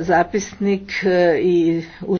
zapisnik e, i